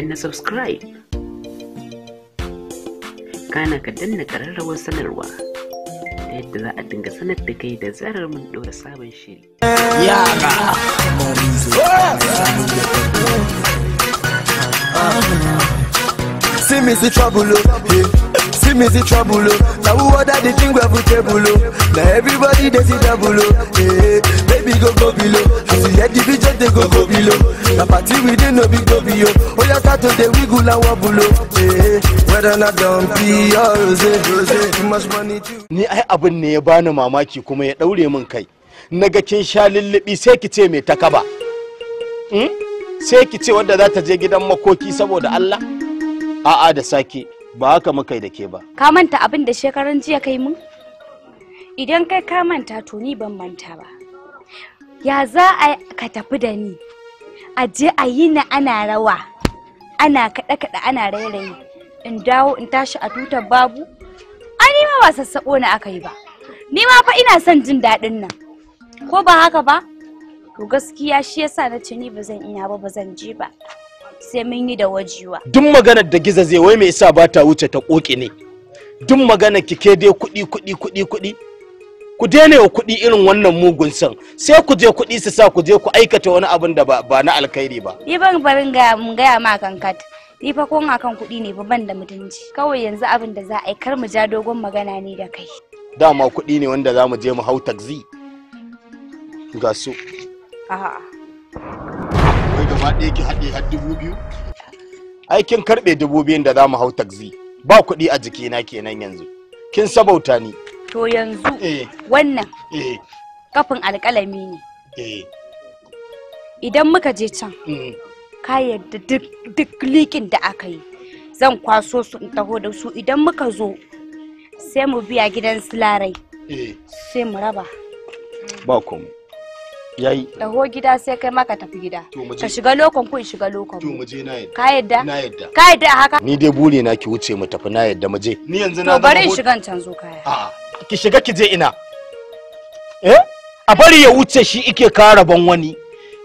danna subscribe kana ka danna ƙararrawar sanarwa ta yadda za a dinga sanar da kai da zarar mun ɗora sabon shiri yara See me see trouble, oh, yeah. me see trouble, oh. Now who order the thing we have table, oh. Now everybody they see double, oh. Hey, eh, baby go go below. As you hear the beat, they go go below. Now party we didn't know big go below. Oh. oh yeah, start to the wiggle and wobble, oh. Hey, eh, whether not dumpy or rose, rose, too much money too. Ni ai abin ne ya bani mamaki kuma ya daure min kai. Naga kin sha lullubi sai ki ce me ta kaba. Hmm? Sai ki ce wadda za ta je gidan makoki saboda Allah? A'a da sake. ba haka muka yi da ke ba ka manta abin da shekaran jiya kai mun idan kai ka manta to ni ban manta ba ya za a ka tafi da ni a je a yi na ana rawa ana kaɗe kaɗe ana rairayi in dawo in tashi a tutar babu ai nima ma ba sassaƙo na aka yi ba Nima fa ina son jin daɗin nan ko ba haka ba to gaskiya shi yasa na ce ni ba zan iya ba ba zan je ba sai mun yi da wajiwa duk maganar da giza zai wai mai yasa ba ta wuce ta koki ne duk maganar ke dai kuɗi kuɗi kuɗi kuɗi ku daina wa kuɗi irin wannan mugun san sai ku je kuɗi su sa ku je ku aikata wani abin da ba na alkhairi ba ni ban barin ga mun gaya ma kankat ni fa kon akan kuɗi ne ban da mutunci kawai yanzu abin da za a yi kar mu ja dogon magana ne da kai dama kuɗi ne wanda za mu je mu hau taxi ga su a'a gaba ɗaya ki haɗe har dubu biyu aikin karɓe dubu biyun da za mu hau takzi ba kuɗi a jikina kenan yanzu kin sabauta ni to yanzu eh. wannan eh. kafin alƙalami ne eh. idan muka je can mm. ka yadda duk likin da aka yi zan kwaso su in taho da su idan muka zo sai mu biya gidan su larai sai mu raba ba komai yayi gida sai kai ma tafi gida ka shiga lokon ku shiga lokon to muje na yadda ka yadda na yadda ka yadda haka ni dai buri na ki wuce mu tafi na yadda muje ni yanzu na to bari in shiga can zo kaya a ki shiga ki je ina eh a bari ya wuce shi ike kara ban wani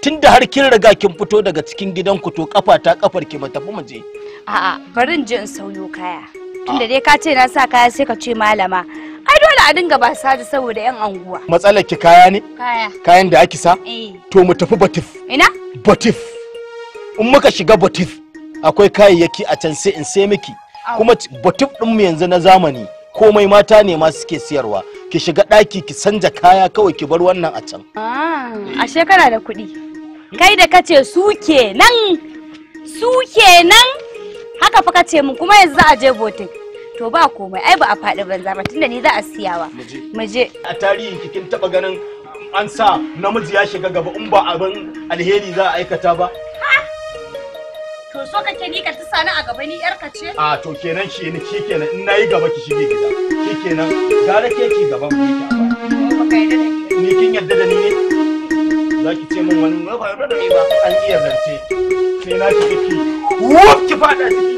tunda har kin riga kin fito daga cikin gidanku to kafa ta kafar ki mu tafi muje a'a bari in je in sauyo kaya tunda dai ka ce na sa kaya sai ka ce malama dole a dinga ba saji saboda yan anguwa. Matsalar ki kaya ne? Kaya. Kayan da ake sa? Eh. To mu tafi batif. Ina? Batif. In muka shiga batif akwai kayayyaki a can sai in sai miki. Kuma batif mu yanzu na zamani komai mata ne ma suke siyarwa. Ki shiga ɗaki ki sanja kaya kawai ki bar wannan a can. a ah, shekara da kuɗi. Kai da kace su kenan su kenan haka fa kace mu kuma yanzu za a je botik. to ba komai ai ba a faɗi banza ba tunda ni za a siyawa mu je a tarihin kikin taba ganin an sa namiji ya shiga gaba in ba abin alheri za a aikata ba to so kake ni ka tusa ni a gaba ni yar ce a to kenan shi ne shi kenan in nayi gaba ki shige gida shi kenan gara ke ki gaban ki ba ni kin yarda da ni ne za ki ce min wani ba ba da ni ba an iya zance sai na ki ki wuf ki fada ciki